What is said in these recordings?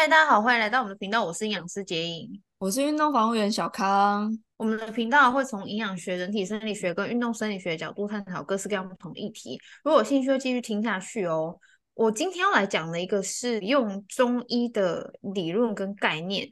嗨，大家好，歡迎來到我們的頻道。我是營養師杰穎，我是運動防護員小康。我們的頻道會從營養學、人體生理學跟運動生理學的角度探討各式各樣不同的議題。如果有興趣，要繼續聽下去哦。我今天要來講的一個是用中醫的理論跟概念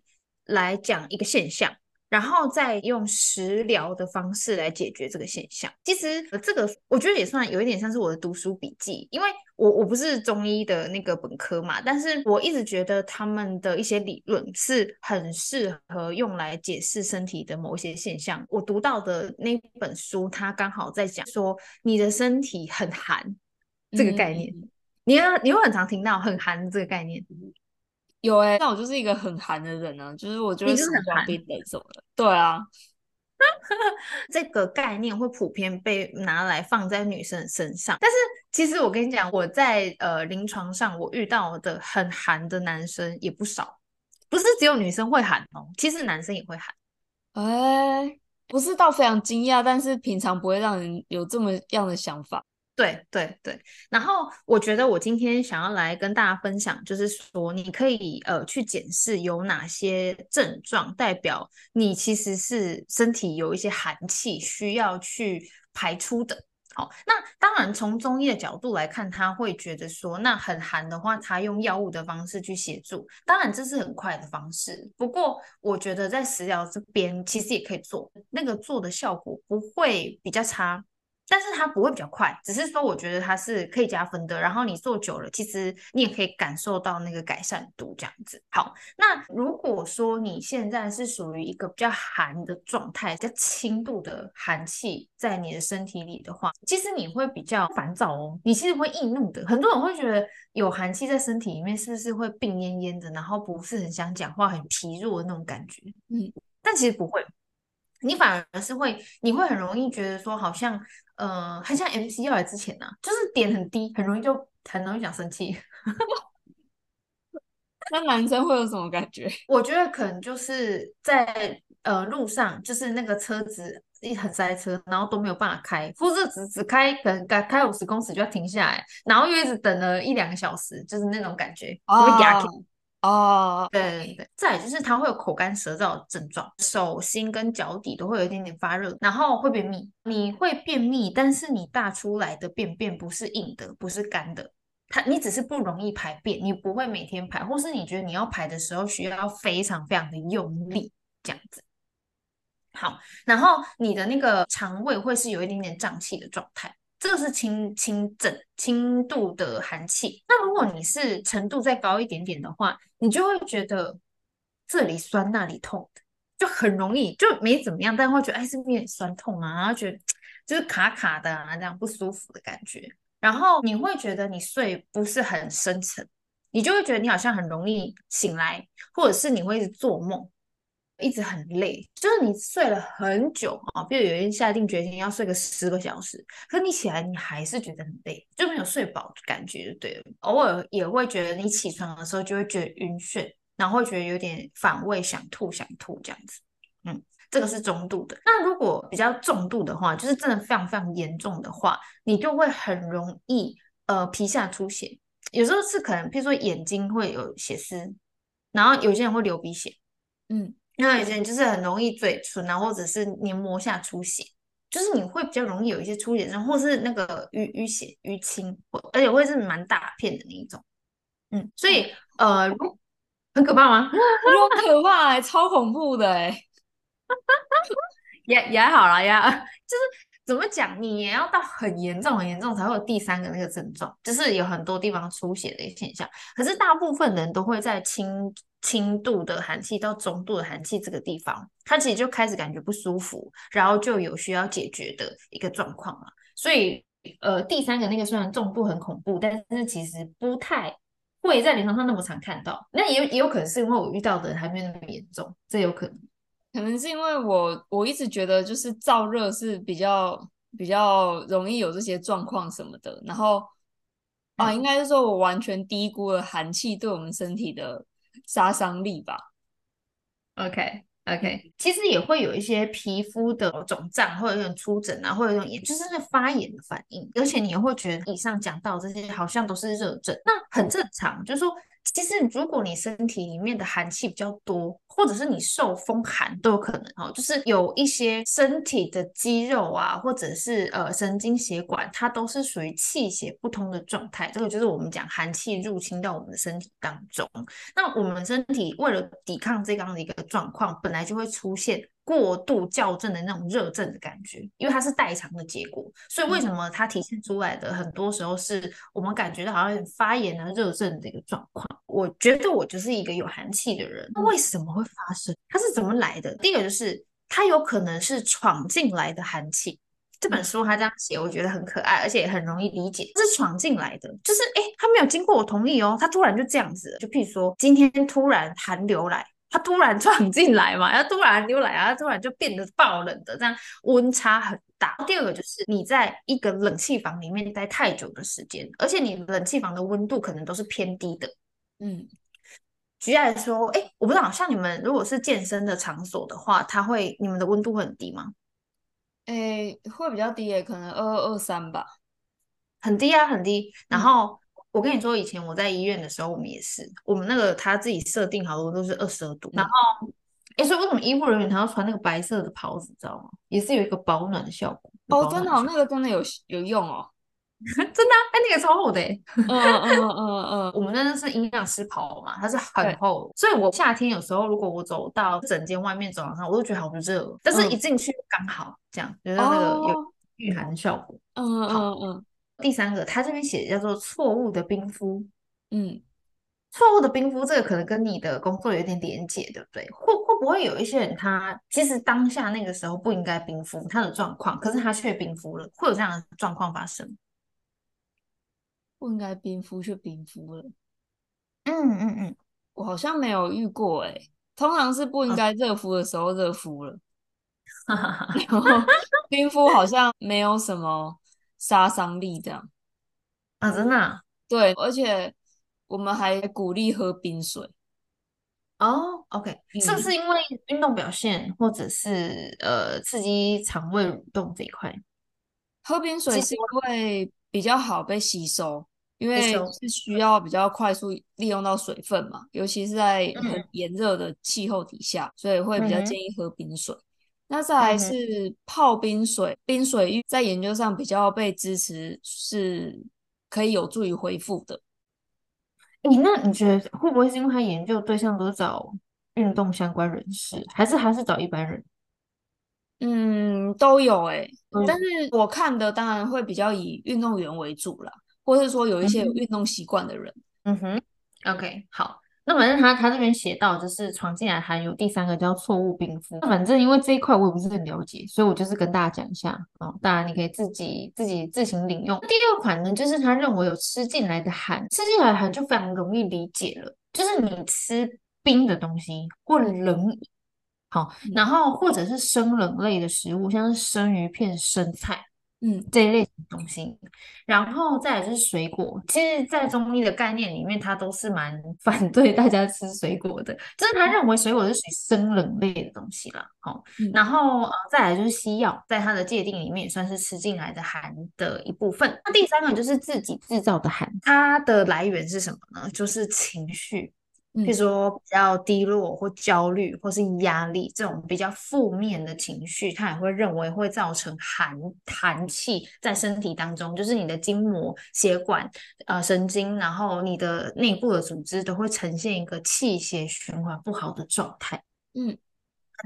來講一個現象，然後再用食療的方式來解決這個現象。其實這個我覺得也算有一點像是我的讀書筆記，因為，我我不是中醫的那個本科嘛，但是我一直覺得他們的一些理論是很適合用來解釋身體的某些現象。我讀到的那本書，它剛好在講說你的身體很寒這個概念。你有你會很常聽到“很寒”這個概念？有。哎，那我就是一個很寒的人呢、啊，就是我覺得病走了，你就是很寒、冰冷什麼的。對啊。 這個概念會普遍被拿來放在女生身上，但是其實我跟你講，我在呃臨床上我遇到的很寒的男生也不少，不是只有女生會寒哦，其實男生也會寒。哎、欸，不是倒非常驚訝，但是平常不會讓人有這麼樣的想法。對對對，然後我覺得我今天想要來跟大家分享，就是說你可以呃去檢視有哪些症狀代表你其實是身體有一些寒氣需要去排出的。好，那當然從中醫的角度來看，他會覺得說那很寒的話，他用藥物的方式去協助，當然這是很快的方式。不過我覺得在食療這邊其實也可以做，那個做的效果不會比較差。但是它不會比較快，只是說我覺得它是可以加分的。然後你做久了，其實你也可以感受到那個改善度這樣子。好，那如果說你現在是屬於一個比較寒的狀態，比較輕度的寒氣在你的身體裡的話，其實你會比較煩躁哦，你其實會易怒的。很多人會覺得有寒氣在身體裡面，是不是會病懨懨的，然後不是很想講話，很疲弱的那種感覺？嗯，但其實不會。你反而是會，你會很容易覺得說，好像，呃，很像 MC 要來之前呢、啊，就是點很低，很容易就很容易想生氣。 那男生會有什麼感覺？我覺得可能就是在呃路上，就是那個車子一很塞車，然後都沒有辦法開，或者只只開，可能開開五十公尺就要停下來，然後又一直等了一兩個小時，就是那種感覺，會壓、oh. 哦，對對對，再就是它會有口乾舌燥的症狀，手心跟腳底都會有一點點發熱，然後會便秘。你會便秘，但是你大出來的便便不是硬的，不是乾的，它你只是不容易排便，你不會每天排，或是你覺得你要排的時候需要非常非常的用力，這樣子。好，然後你的那個腸胃會是有一點點脹氣的狀態。這個是輕輕症、輕度的寒氣。那如果你是程度再高一點點的話，你就會覺得這裡酸、那裡痛，就很容易，就沒怎麼樣，但會覺得哎，是不是有點痠痛啊？然後覺得就是卡卡的啊，這樣不舒服的感覺。然後你會覺得你睡不是很深沉，你就會覺得你好像很容易醒來，或者是你會一直做夢。一直很累，就是你睡了很久啊，比如有人下定決心要睡個十個小時，可是你起來你還是覺得很累，就沒有睡飽的感覺就對了。偶爾也會覺得你起床的時候就會覺得暈眩，然後會覺得有點反胃、想吐、想吐這樣子。嗯，這個是中度的。那如果比較重度的話，就是真的非常非常嚴重的話，你就會很容易呃皮下出血，有時候是可能譬如說眼睛會有血絲，然後有些人會流鼻血。嗯。那以前就是很容易嘴唇啊，或者是黏膜下出血，就是你會比較容易有一些出血症，或是那個淤淤血淤青，而且會是蠻大片的那一種。嗯，所以呃，很可怕嗎？好可怕哎、欸， 超恐怖的哎、欸！也也、 yeah, yeah, 好啦。呀、yeah.，就是怎麼講，你也要到很嚴重很嚴重才會有第三個那個症狀，就是有很多地方出血的一個現象。可是大部分人都會在輕。輕度的寒氣到中度的寒氣這個地方，它其實就開始感覺不舒服，然後就有需要解決的一個狀況了。所以，呃，第三個那個雖然重度很恐怖，但是其實不太會在臨床上那麼常看到。那也也有可能是因為我遇到的還沒有那麼嚴重，這有可能。可能是因為我我一直覺得就是燥熱是比較比較容易有這些狀況什麼的。然後啊，嗯、應該是說我完全低估了寒氣對我們身體的殺傷力吧，OK OK，其實也會有一些皮膚的腫脹，或者有點出疹啊，或者有點炎，就是發炎的反應，而且你也會覺得以上講到這些好像都是熱症，那很正常，就是說，其實如果你身體裡面的寒氣比較多，或者是你受風寒都有可能哦，就是有一些身體的肌肉啊，或者是呃神經血管，它都是屬於氣血不通的狀態。這個就是我們講寒氣入侵到我們的身體當中，那我們身體為了抵抗這樣的一個狀況，本來就會出現過度校正的那種熱症的感覺，因為它是代償的結果，所以為什麼它體現出來的很多時候是我們感覺到好像有點發炎啊、熱症的一個狀況。我覺得我就是一個有寒氣的人，那為什麼會？發生，它是怎麼來的？第一個就是它有可能是闖進來的寒氣。這本書它這樣寫，我覺得很可愛，而且也很容易理解。它是闖進來的，就是誒、欸，它沒有經過我同意哦，它突然就這樣子了。就譬如說今天突然寒流來，它突然闖進來嘛，然後突然流來啊，它突然就變得暴冷的，這樣溫差很大。第二個就是你在一個冷氣房裡面待太久的時間，而且你冷氣房的溫度可能都是偏低的，嗯。舉例來說，哎、欸，我不知道，像你們如果是健身的場所的話，它會你們的溫度會很低嗎？哎、欸，會比較低耶，欸，可能二二二三吧，很低啊，很低。然後、嗯、我跟你說，以前我在醫院的時候，我們也是，我們那個他自己設定好的溫度是二十二度。然後，哎、欸，所以為什麼醫護人員他要穿那個白色的袍子，知道嗎？也是有一個保暖的效果。保暖效果哦，真的，那個真的有有用哦。 真的、啊，哎、欸，那個超厚的、欸，哎，嗯嗯嗯嗯，我們那個是營養師袍嘛，它是很厚，對所以我夏天有時候如果我走到整間外面走路上，我都覺得好熱，oh. 但是一進去剛好這樣，覺得那個有御寒效果。嗯嗯嗯。Oh, oh, oh, oh. 第三個，他這邊寫叫做錯誤的冰敷，嗯，錯誤的冰敷，這個可能跟你的工作有點連結，對不對？或會不會有一些人他其實當下那個時候不應該冰敷他的狀況，可是他卻冰敷了，會有這樣的狀況發生？不應該冰敷卻冰敷了，嗯嗯嗯，嗯嗯我好像沒有遇過哎、欸，通常是不應該熱敷的時候熱敷了，哈哈、哦，然後冰敷好像沒有什麼殺傷力這樣，啊真的啊，對，而且我們還鼓勵喝冰水哦，OK，、嗯、是不是因為運動表現或者是呃刺激腸胃蠕動這一塊？喝冰水是因為。比較好被吸收，因為是需要比較快速利用到水分嘛，尤其是在很炎熱的氣候底下，所以會比較建議喝冰水。嗯、哼那再來是泡冰水，冰水在研究上比較被支持，是可以有助於恢復的。哎、欸，那你覺得會不會是因為他研究對象都是找運動相關人士，嗯、還是還是找一般人？嗯，都有誒、欸，嗯、但是我看的當然會比較以運動員為主啦，或是說有一些有運動習慣的人。嗯哼，嗯哼，OK，好，那反正他他這邊寫到，就是闖進來寒有第三個叫錯誤冰敷。那反正因為這一塊我也不是很了解，所以我就是跟大家講一下啊、哦，當然你可以自己自己自行領用。第六款呢，就是他認為有吃進來的寒，吃進來的寒就非常容易理解了，就是你吃冰的東西或冷。嗯好，然後或者是生冷類的食物，像是生魚片、生菜，嗯，這一類的東西。然後再來就是水果，其實，在中醫的概念裡面，它都是蠻反對大家吃水果的，就是他認為水果是屬於生冷類的東西啦。好，嗯，然後再來就是西藥，在它的界定裡面也算是吃進來的寒的一部分。那第三個就是自己制造的寒，它的來源是什麼呢？就是情緒。比如說比較低落或焦慮或是壓力這種比較負面的情緒，它也會認為會造成寒寒氣在身體當中，就是你的筋膜、血管、呃神經，然後你的內部的組織都會呈現一個氣血循環不好的狀態。嗯，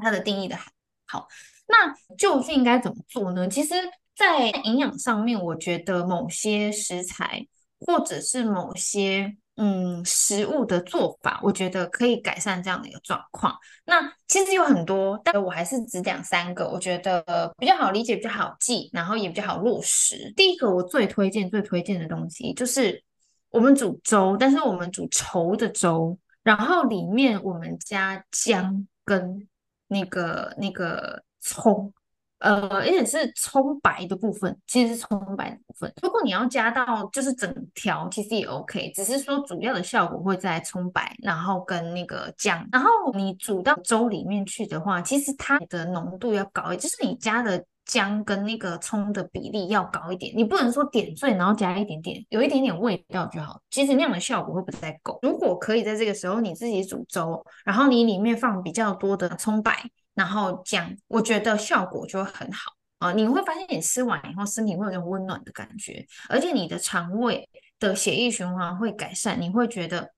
它的定義的還好。那究竟應該怎麼做呢？其實，在營養上面，我覺得某些食材或者是某些。嗯，食物的做法，我覺得可以改善這樣的一個狀況。那其實有很多，但我還是只講三個，我覺得比較好理解、比較好記，然後也比較好落實。第一個，我最推薦、最推薦的東西就是我們煮粥，但是我們煮稠的粥，然後裡面我們加薑跟那個、嗯、那個蔥。呃，而且是蔥白的部分，其實是蔥白的部分。如果你要加到就是整條，其實也 OK，只是說主要的效果會在蔥白，然後跟那個薑。然後你煮到粥裡面去的話，其實它的濃度要高一點，就是你加的薑跟那個蔥的比例要高一點。你不能說點綴，然後加一點點，有一點點味道就好。其實那樣的效果會不太夠。如果可以在這個時候你自己煮粥，然後你裡面放比較多的蔥白。然後這樣，我覺得效果就會很好啊，呃，你會發現，你吃完以後，身體會有點溫暖的感覺，而且你的腸胃的血液循環會改善，你會覺得。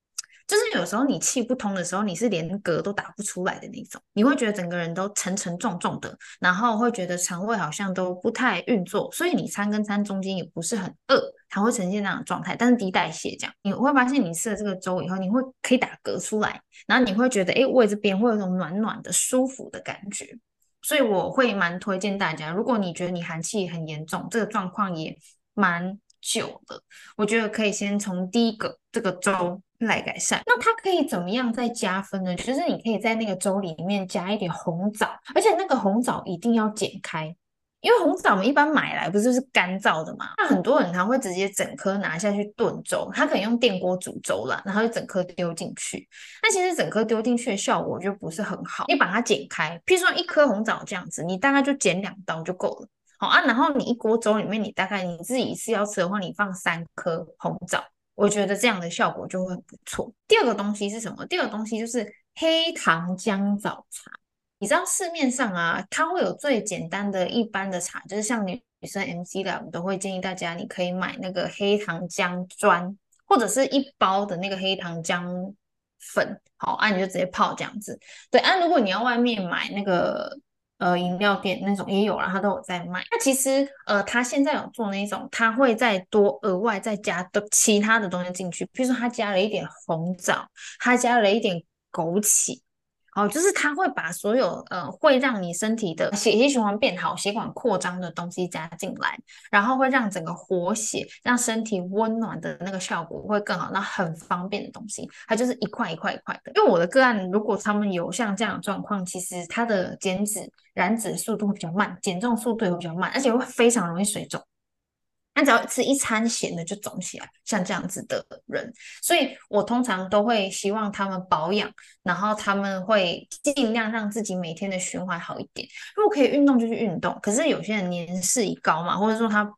就是有時候你氣不通的時候，你是連嗝都打不出來的那種，你會覺得整個人都沉沉重重的，然後會覺得腸胃好像都不太運作，所以你餐跟餐中間也不是很餓，它會呈現那種狀態。但是低代謝這樣，你會發現你吃了這個粥以後，你會可以打嗝出來，然後你會覺得誒，胃這邊會有一種暖暖的舒服的感覺，所以我會蠻推薦大家，如果你覺得你寒氣很嚴重，這個狀況也蠻。久了，我覺得可以先從第一個這個粥來改善。那它可以怎麼樣再加分呢？其實你可以在那個粥裡面加一點紅棗，而且那個紅棗一定要剪開，因為紅棗我們一般買來不是就是乾燥的嘛。那很多人他會直接整顆拿下去燉粥，他可以用電鍋煮粥啦，然後就整顆丟進去。那其實整顆丟進去的效果就不是很好，你把它剪開。比如說一顆紅棗這樣子，你大概就剪兩刀就夠了。好啊，然後你一鍋粥裡面，你大概你自己一次要吃的話，你放三顆紅棗，我覺得這樣的效果就會很不錯。第二個東西是什麼？第二個東西就是黑糖薑棗茶。你知道市面上啊，它會有最簡單的一般的茶，就是像女生 MC 的，我們都會建議大家，你可以買那個黑糖薑磚，或者是一包的那個黑糖薑粉。好啊，你就直接泡這樣子。對啊，如果你要外面買那個。呃，飲料店那種也有，然後都有在賣。那其實，呃，他現在有做那種，他會再多額外再加的其他的東西進去，比如說他加了一點紅棗，他加了一點枸杞。哦，就是它會把所有呃，會讓你身體的血液循環變好、血管擴張的東西加進來，然後會讓整個活血、讓身體溫暖的那個效果會更好。那很方便的東西，它就是一塊一塊一塊的。因為我的個案，如果他們有像這樣的狀況，其實它的減脂、燃脂速度會比較慢，減重速度也會比較慢，而且會非常容易水腫。那只要吃一餐鹹的就腫起來，像這樣子的人，所以我通常都會希望他們保養，然後他們會盡量讓自己每天的循環好一點。如果可以運動就去運動，可是有些人年事已高嘛，或者說他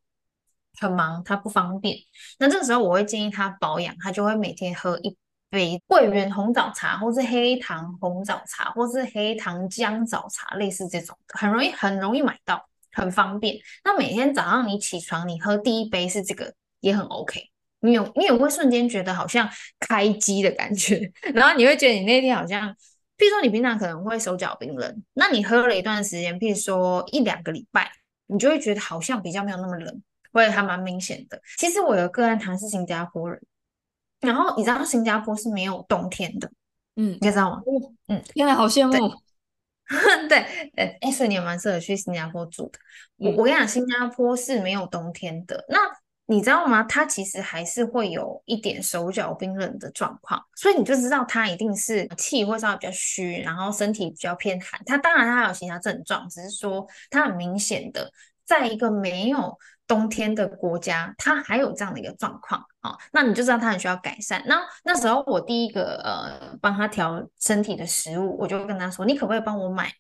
很忙，他不方便。那這個時候我會建議他保養，他就會每天喝一杯桂圓紅棗茶，或是黑糖紅棗茶，或是黑糖薑棗茶，類似這種，很容易很容易買到。很方便。那每天早上你起床，你喝第一杯是這個，也很 OK。你有，你有會瞬間覺得好像開機的感覺，然後你會覺得你那天好像，譬如說你平常可能會手腳冰冷，那你喝了一段時間，譬如說一兩個禮拜，你就會覺得好像比較沒有那麼冷，我也還蠻明顯的。其實我有個案，他是新加坡人，然後你知道新加坡是沒有冬天的，嗯，你知道嗎？哦、嗯，因為好羨慕。 對，哎，所以你也蠻適合去新加坡住的。我我跟你講，新加坡是沒有冬天的。那你知道嗎？它其實還是會有一點手腳冰冷的狀況，所以你就知道它一定是氣會稍微比較虛，然後身體比較偏寒。它當然它還有其他症狀，只是說它很明顯的，在一個沒有。冬天的國家，它還有這樣的一個狀況啊、哦，那你就知道它很需要改善。那那時候我第一個呃幫他調身體的食物，我就跟他說，你可不可以幫我買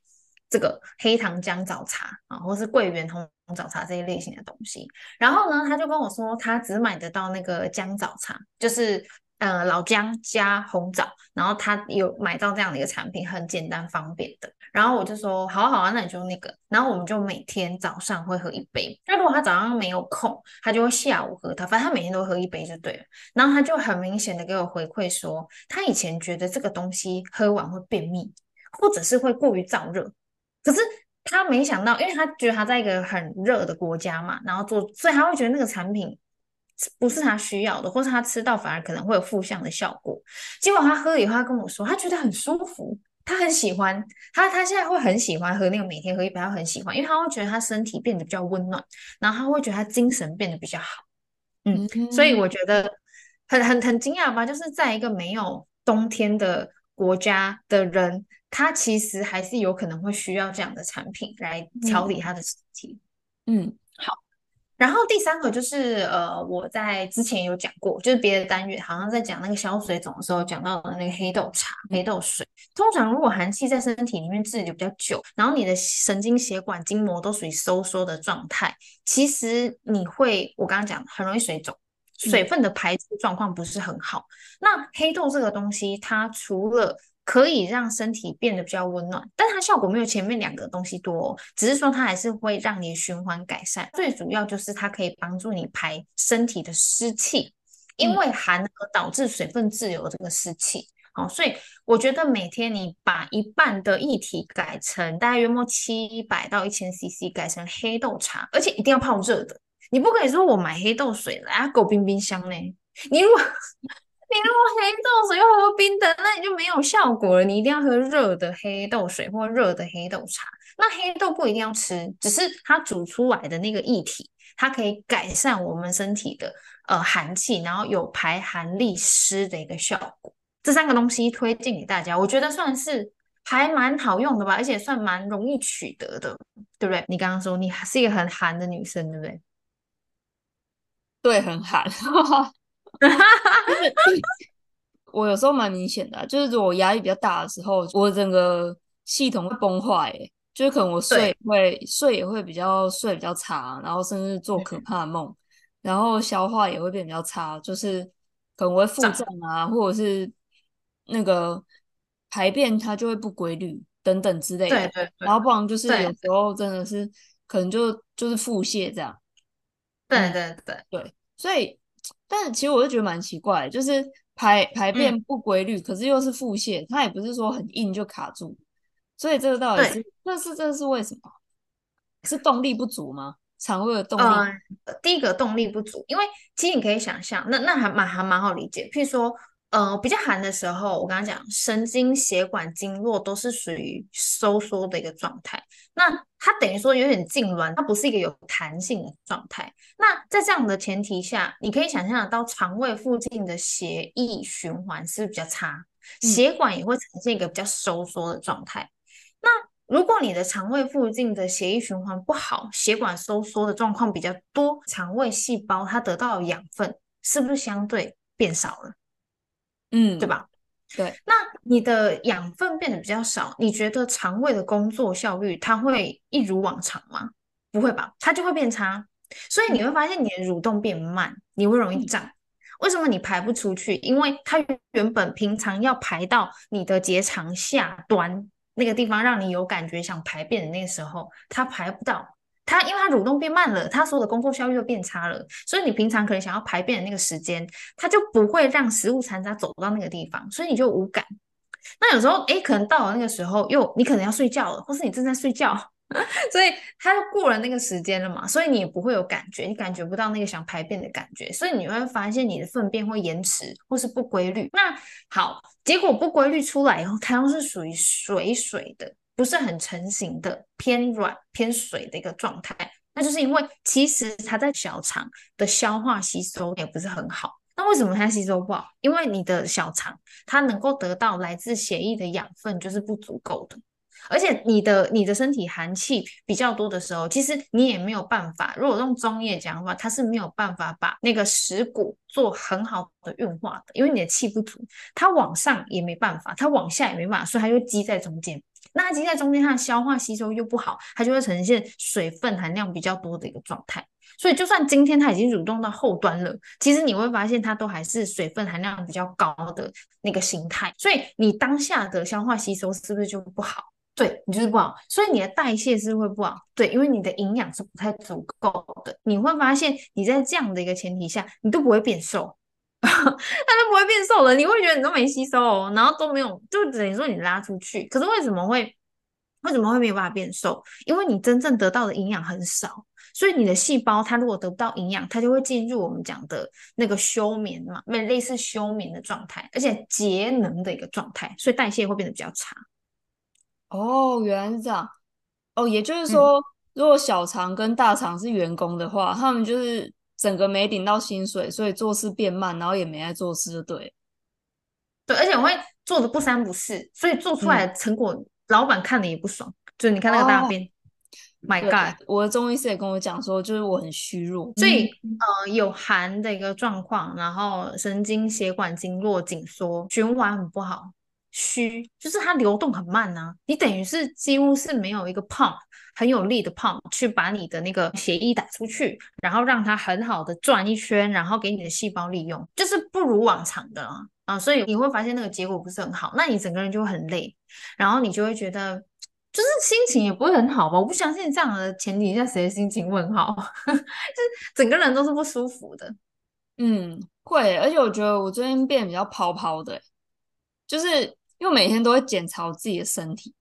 這個黑糖薑棗茶啊、哦，或是桂圓紅棗茶這一類型的東西。然後呢，他就跟我說，他只買得到那個薑棗茶，就是呃老薑加紅棗，然後他有買到這樣的一個產品，很簡單方便的。然後我就說，好好啊，那你就那個。然後我們就每天早上會喝一杯。那如果他早上沒有空，他就會下午喝他，反正他每天都喝一杯就對了。然後他就很明顯的給我回饋說，他以前覺得這個東西喝完會便秘，或者是會過於燥熱。可是他沒想到，因為他覺得他在一個很熱的國家嘛，然後做，所以他會覺得那個產品不是他需要的，或是他吃到反而可能會有負向的效果。結果他喝了以後，他跟我說，他覺得很舒服。他很喜歡，他他現在會很喜歡喝那個，每天喝一杯，他很喜歡，因為他會覺得他身體變得比較溫暖，然後他會覺得他精神變得比較好。嗯，嗯哼。所以我覺得很很很驚訝吧，就是在一個沒有冬天的國家的人，他其實還是有可能會需要這樣的產品來調理他的身體。嗯，嗯，好。然後第三個就是，呃，我在之前有講過，就是別的單元好像在講那個消水腫的時候講到的那個黑豆茶、黑豆水。通常如果寒氣在身體裡面滯留比較久，然後你的神經血管、筋膜都屬於收縮的狀態，其實你會，我剛剛講很容易水腫，水分的排出狀況不是很好。嗯。那黑豆這個東西，它除了可以讓身體變得比較溫暖，但它效果沒有前面兩個東西多，哦，只是說它還是會讓你循環改善。最主要就是它可以幫助你排身體的濕氣，嗯、因為寒而導致水分滯留這個濕氣。好、哦，所以我覺得每天你把一半的液體改成大概約莫七百到一千 CC，改成黑豆茶，而且一定要泡熱的。你不可以說我買黑豆水來，啊，狗冰冰箱呢？你如果 黑豆水又喝冰的，那你就沒有效果了。你一定要喝熱的黑豆水或熱的黑豆茶。那黑豆不一定要吃，只是它煮出來的那個液體，它可以改善我們身體的呃寒氣，然後有排寒利濕的一個效果。這三個東西推薦給大家，我覺得算是還蠻好用的吧，而且算蠻容易取得的，對不對？你剛剛說你是一個很寒的女生，對不對？對，很寒。 就是，我有時候蠻明顯的，啊，就是如果壓力比較大的時候，我整個系統會崩壞，欸，就是可能我睡會對睡也會比較睡比較差，然後甚至做可怕的夢，對對對，然後消化也會變比較差，就是可能會腹脹啊，樣或者是那個排便它就會不規律等等之類的，對對對，然後不然就是有時候真的是對對對，可能就就是腹瀉這樣，對對對、嗯、對，所以。但其實我就覺得蠻奇怪，就是排排便不規律，嗯、可是又是腹瀉，它也不是說很硬就卡住，所以這個到底是，對 這是這是為什麼？是動力不足嗎？腸胃的動力、呃呃？第一個動力不足，因為其實你可以想象，那那還蠻還蠻好理解，譬如說。呃，比較寒的時候，我剛剛講神經血管經絡都是屬於收縮的一個狀態，那它等於說有點痙攣，它不是一個有彈性的狀態。那在這樣的前提下，你可以想象到腸胃附近的血液循環是比較差，血管也會呈現一個比較收縮的狀態。嗯、那如果你的腸胃附近的血液循環不好，血管收縮的狀況比較多，腸胃細胞它得到的養分是不是相對變少了？嗯，對吧？對，那你的養分變得比較少，你覺得腸胃的工作效率它會一如往常嗎？不會吧，它就會變差。所以你會發現你的蠕動變慢，你會容易脹。嗯、為什麼你排不出去？嗯、因為它原本平常要排到你的結腸下端那個地方，讓你有感覺想排便的那個時候，它排不到。它因為它蠕動變慢了，它所有的工作效率就變差了，所以你平常可能想要排便的那個時間，它就不會讓食物殘渣走不到那個地方，所以你就無感。那有時候哎，可能到了那個時候又你可能要睡覺了，或是你正在睡覺呵呵，所以它就過了那個時間了嘛，所以你也不會有感覺，你感覺不到那個想排便的感覺，所以你會發現你的糞便會延遲或是不規律。那好，結果不規律出來以後，它又是屬於水水的。不是很成型的，偏軟、偏水的一個狀態，那就是因為其實它在小腸的消化吸收也不是很好。那為什麼它吸收不好？因為你的小腸它能夠得到來自血液的養分就是不足夠的。而且你的你的身體寒氣比較多的時候，其實你也沒有辦法。如果用中醫講的話，它是沒有辦法把那個食谷做很好的運化的，因為你的氣不足，它往上也沒辦法，它往下也沒辦法，所以它就積在中間。那它積在中間，它的消化吸收又不好，它就會呈現水分含量比較多的一個狀態。所以就算今天它已經蠕動到後端了，其實你會發現它都還是水分含量比較高的那個形態。所以你當下的消化吸收是不是就不好？對，你就是不好，所以你的代謝是會不好。對，因為你的營養是不太足夠的，你會發現你在這樣的一個前提下，你都不會變瘦，它都不會變瘦了。你會覺得你都沒吸收哦，然後都沒有，就等於說你拉出去，可是為什麼會為什麼會沒有辦法變瘦？因為你真正得到的營養很少，所以你的細胞它如果得不到營養，它就會進入我們講的那個休眠嘛，類似休眠的狀態，而且節能的一個狀態，所以代謝會變得比較差。哦，原來是這樣。哦，也就是說，嗯、如果小腸跟大腸是員工的話，他們就是整個沒領到薪水，所以做事變慢，然後也沒愛做事，就對。對，而且我會做的不三不四，所以做出來成果，嗯、老闆看的也不爽。就你看那個大便、啊、，My God！我的中醫師也跟我講說，就是我很虛弱，所以，嗯、呃有寒的一個狀況，然後神經血管經絡緊縮，循環很不好。虛就是它流動很慢吶、啊，你等於是幾乎是沒有一個 pump 很有力的 pump 去把你的那個血液打出去，然後讓它很好的轉一圈，然後給你的細胞利用，就是不如往常的啦啊，啊，所以你會發現那個結果不是很好，那你整個人就會很累，然後你就會覺得就是心情也不會很好吧，我不相信這樣的前提下誰的心情會好，就是整個人都是不舒服的，嗯，會，而且我覺得我最近變比較泡泡的，就是。因為每天都會檢查我自己的身體，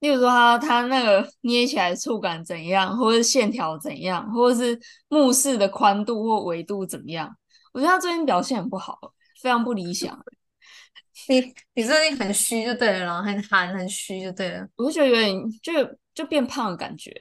例如說他他那個捏起來的觸感怎樣，或者是線條怎樣，或者是目視的寬度或維度怎麼樣？我覺得他最近表現很不好，非常不理想。 你你最近很虛就對了，很寒很虛就對了。我覺得有點就就變胖的感覺。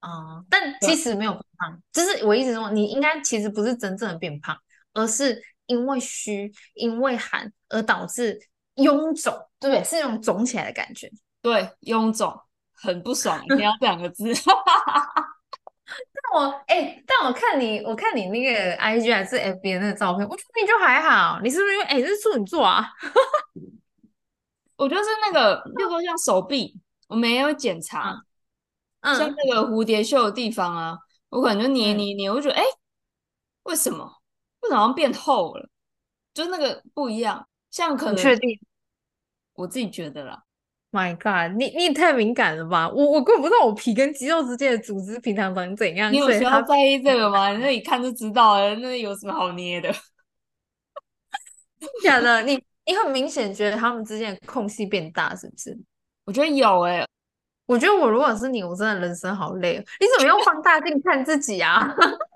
啊、嗯，但其實沒有胖，對就是我一直說你應該其實不是真正的變胖，而是因為虛因為寒，而，寒而導致。臃腫，對，是那種腫起來的感覺。對，臃腫很不爽， 你要這兩個字。 但我哎、欸，但我看你，我看你那個 IG 還是 FB 的那個照片，我覺得你就還好。你是不是因為哎，這是處女座啊？ 我覺得是那個，比如說像手臂，嗯、我沒有檢查，嗯、像那個蝴蝶袖的地方啊，我感覺捏你捏，捏，捏，嗯、我覺得哎、欸，為什麼？為什麼變厚了？就那個不一樣，像可能確定。我自己覺得啦，My God，你你也太敏感了吧！我我根本不知道我皮跟肌肉之間的組織平常長怎樣，你有需要在意這個嗎？ 那一看就知道，哎，那有什麼好捏的？真 的，你你很明顯覺得他們之間的空隙變大，是不是？我覺得有哎、欸，我覺得我如果是你，我真的人生好累。你怎麼用放大鏡看自己啊？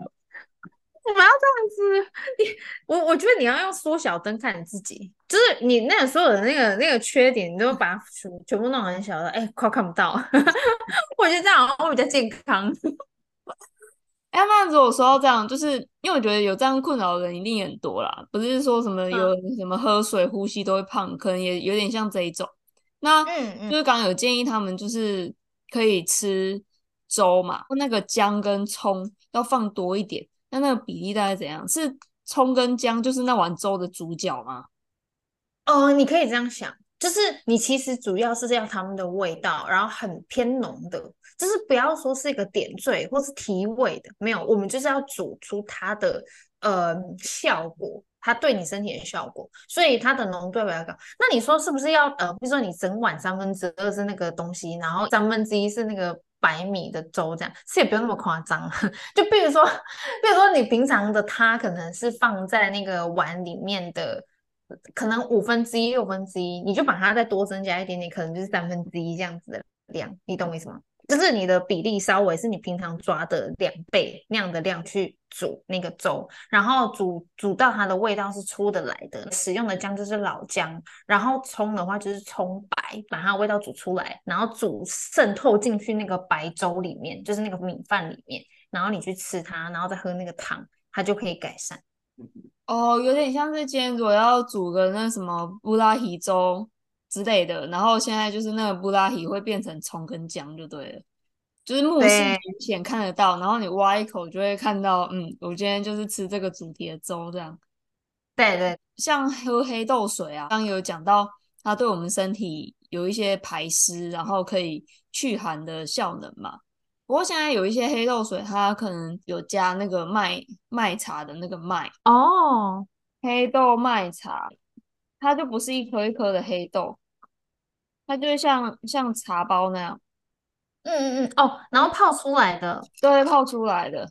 我不要這樣子，你我我覺得你要用縮小燈看你自己，就是你那個所有的那個那個缺點，你都把它全全部弄很小了，哎、欸，快看不到。呵呵我覺得這樣會比較健康。哎、欸，那如果說到這樣，就是因為我覺得有這樣困擾的人一定很多啦，不是說什麼有什麼喝水、嗯、呼吸都會胖，可能也有點像這一種。那嗯，就是剛剛有建議他們就是可以吃粥嘛，那個薑跟蔥要放多一點。那那個比例大概怎樣？是蔥跟薑就是那碗粥的主角嗎？哦、呃，你可以這樣想，就是你其實主要是這樣，他們的味道，然後很偏濃的，就是不要說是一個點綴或是提味的，沒有，我們就是要煮出它的呃效果，它對你身體的效果，所以它的濃度比較高。那你說是不是要呃，比如說你整碗三分之二是那個東西，然後三分之一是那個？百米的粥這樣，其實也不用那麼誇張。就比如說，比如說你平常的它可能是放在那個碗裡面的，可能五分之一、六分之一，你就把它再多增加一點點，可能就是三分之一這樣子的量，你懂我意思嗎？就是你的比例稍微是你平常抓的兩倍那樣的量去煮那個粥，然後煮煮到它的味道是出得來的。使用的薑就是老薑，然後蔥的話就是蔥白，把它的味道煮出來，然後煮滲透進去那個白粥裡面，就是那個米飯裡面。然後你去吃它，然後再喝那個湯，它就可以改善。哦，有點像是今天我要煮的那什麼烏拉皮粥。之類的，然後現在就是那個布拉提會變成蔥跟薑就對了，就是目視明顯看得到，對然後你挖一口就會看到，嗯，我今天就是吃這個主題的粥這樣。對對，像喝黑豆水啊，剛，剛有講到它對我們身體有一些排濕，然後可以驅寒的效能嘛。不過現在有一些黑豆水，它可能有加那個麥麥茶的那個麥。哦，黑豆麥茶，它就不是一顆一顆的黑豆。它就會像像茶包那樣，嗯嗯嗯，哦，然後泡出來的，對，泡出來的，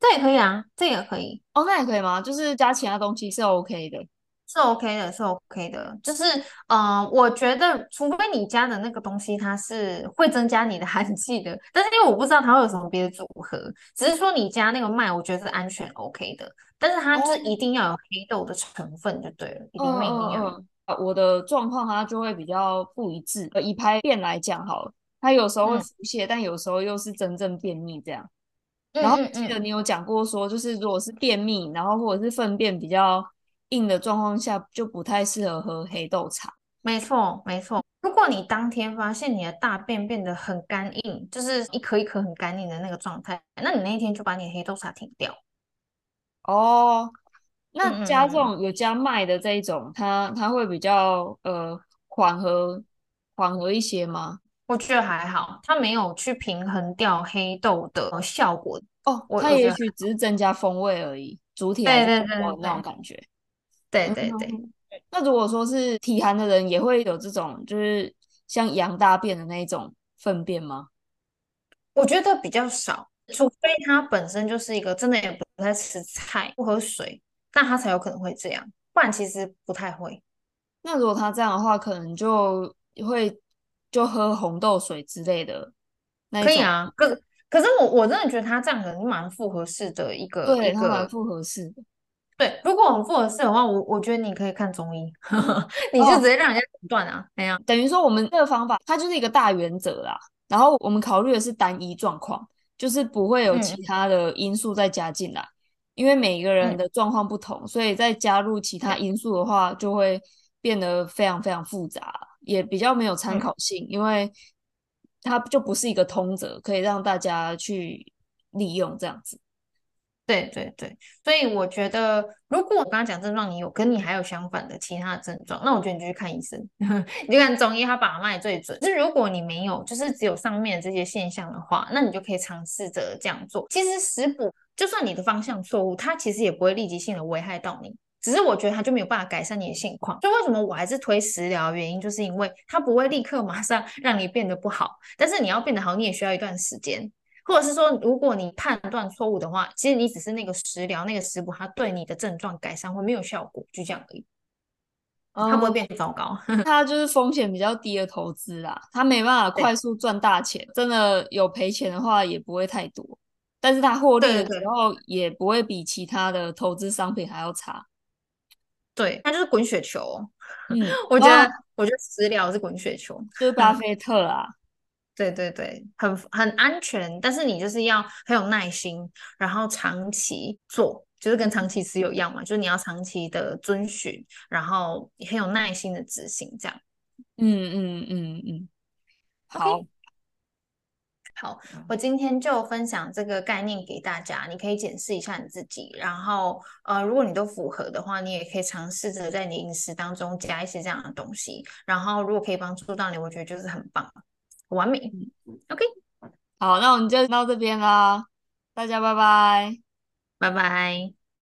這也可以啊，這也可以，哦，那也可以嗎？就是加其他東西是 OK 的，是 O K 的，是 O K 的，就是，嗯、呃，我覺得除非你加的那個東西它是會增加你的寒氣的，但是因為我不知道它會有什麼別的組合，只是說你加那個麥，我覺得是安全 OK 的，但是它是一定要有黑豆的成分就對了，哦、一定沒定有。哦我的狀況它就會比較不一致。以排便來講好了，它有時候會腹瀉，嗯。但有時候又是真正便秘這樣。嗯嗯嗯。然後記得你有講過說，就是如果是便秘，然後或者是糞便比較硬的狀況下，就不太適合喝黑豆茶。沒錯，沒錯。如果你當天發現你的大便變得很乾硬，就是一顆一顆很乾硬的那個狀態，那你那一天就把你的黑豆茶停掉。哦。那加這種有加麥的這一種，嗯嗯，它它會比較呃，緩和，緩和一些嗎？我覺得還好，它沒有去平衡掉黑豆的效果哦。我它也許只是增加風味而已，主體對對對，那種感覺。對，對對對。對對對，那如果說是體寒的人，也會有這種就是像羊大便的那一種糞便嗎？我覺得比較少，除非他本身就是一個真的也不太吃菜，不喝水。那他才有可能會這樣，不然其實不太會。那如果他這樣的話，可能就會就喝紅豆水之類的那。可以啊，可是可是我我真的覺得他這樣的，很蠻複合式的一個，對，個他蠻複合式的。對，如果很複合式的話，我我覺得你可以看中醫， 你就直接讓人家診斷啊。沒有、哦哎，等於說我們這個方法，它就是一個大原則啦。然後我們考慮的是單一狀況，就是不會有其他的因素再加進來。嗯因為每一個人的狀況不同，嗯、所以再加入其他因素的話，嗯、就會變得非常非常複雜，嗯、也比較沒有參考性，嗯、因為它就不是一個通則，可以讓大家去利用這樣子。對對對，所以我覺得，如果我剛剛講症狀，你有，跟你還有相反的其他的症狀，那我覺得你就去看醫生， 你就看中醫，他把脈最準。就是如果你沒有，就是只有上面的這些現象的話，那你就可以嘗試着這樣做。其實食補。就算你的方向錯誤，它其實也不會立即性的危害到你，只是我覺得它就沒有辦法改善你的現況。所以為什麼我還是推食療的原因就是因為它不會立刻馬上讓你變得不好，但是你要變得好，你也需要一段時間。或者是說，如果你判斷錯誤的話，其實你只是那個食療、那個食補，它對你的症狀改善會沒有效果，就這樣而已。它不會變糟糕，它、嗯、就是風險比較低的投資啦，它沒辦法快速賺大錢，對真的有賠錢的話也不會太多。但是他獲利的時候也不會比其他的投資商品還要差，對，對，對，他就是滾雪球。嗯、 我覺得，哦、我覺得食療是滾雪球，就是巴菲特啊，嗯、對對對，很很安全，但是你就是要很有耐心，然後長期做，就是跟長期持有一樣嘛，就是你要長期的遵循，然後你很有耐心的執行這樣。嗯嗯嗯嗯，嗯嗯嗯好。Okay. 好，我今天就分享這個概念給大家，你可以檢視一下你自己，然後呃，如果你都符合的話，你也可以嘗試着在你飲食當中加一些這樣的東西，然後如果可以幫助到你，我覺得就是很棒，完美，OK。好，哦，那我們就到這邊啦，大家拜拜，拜拜。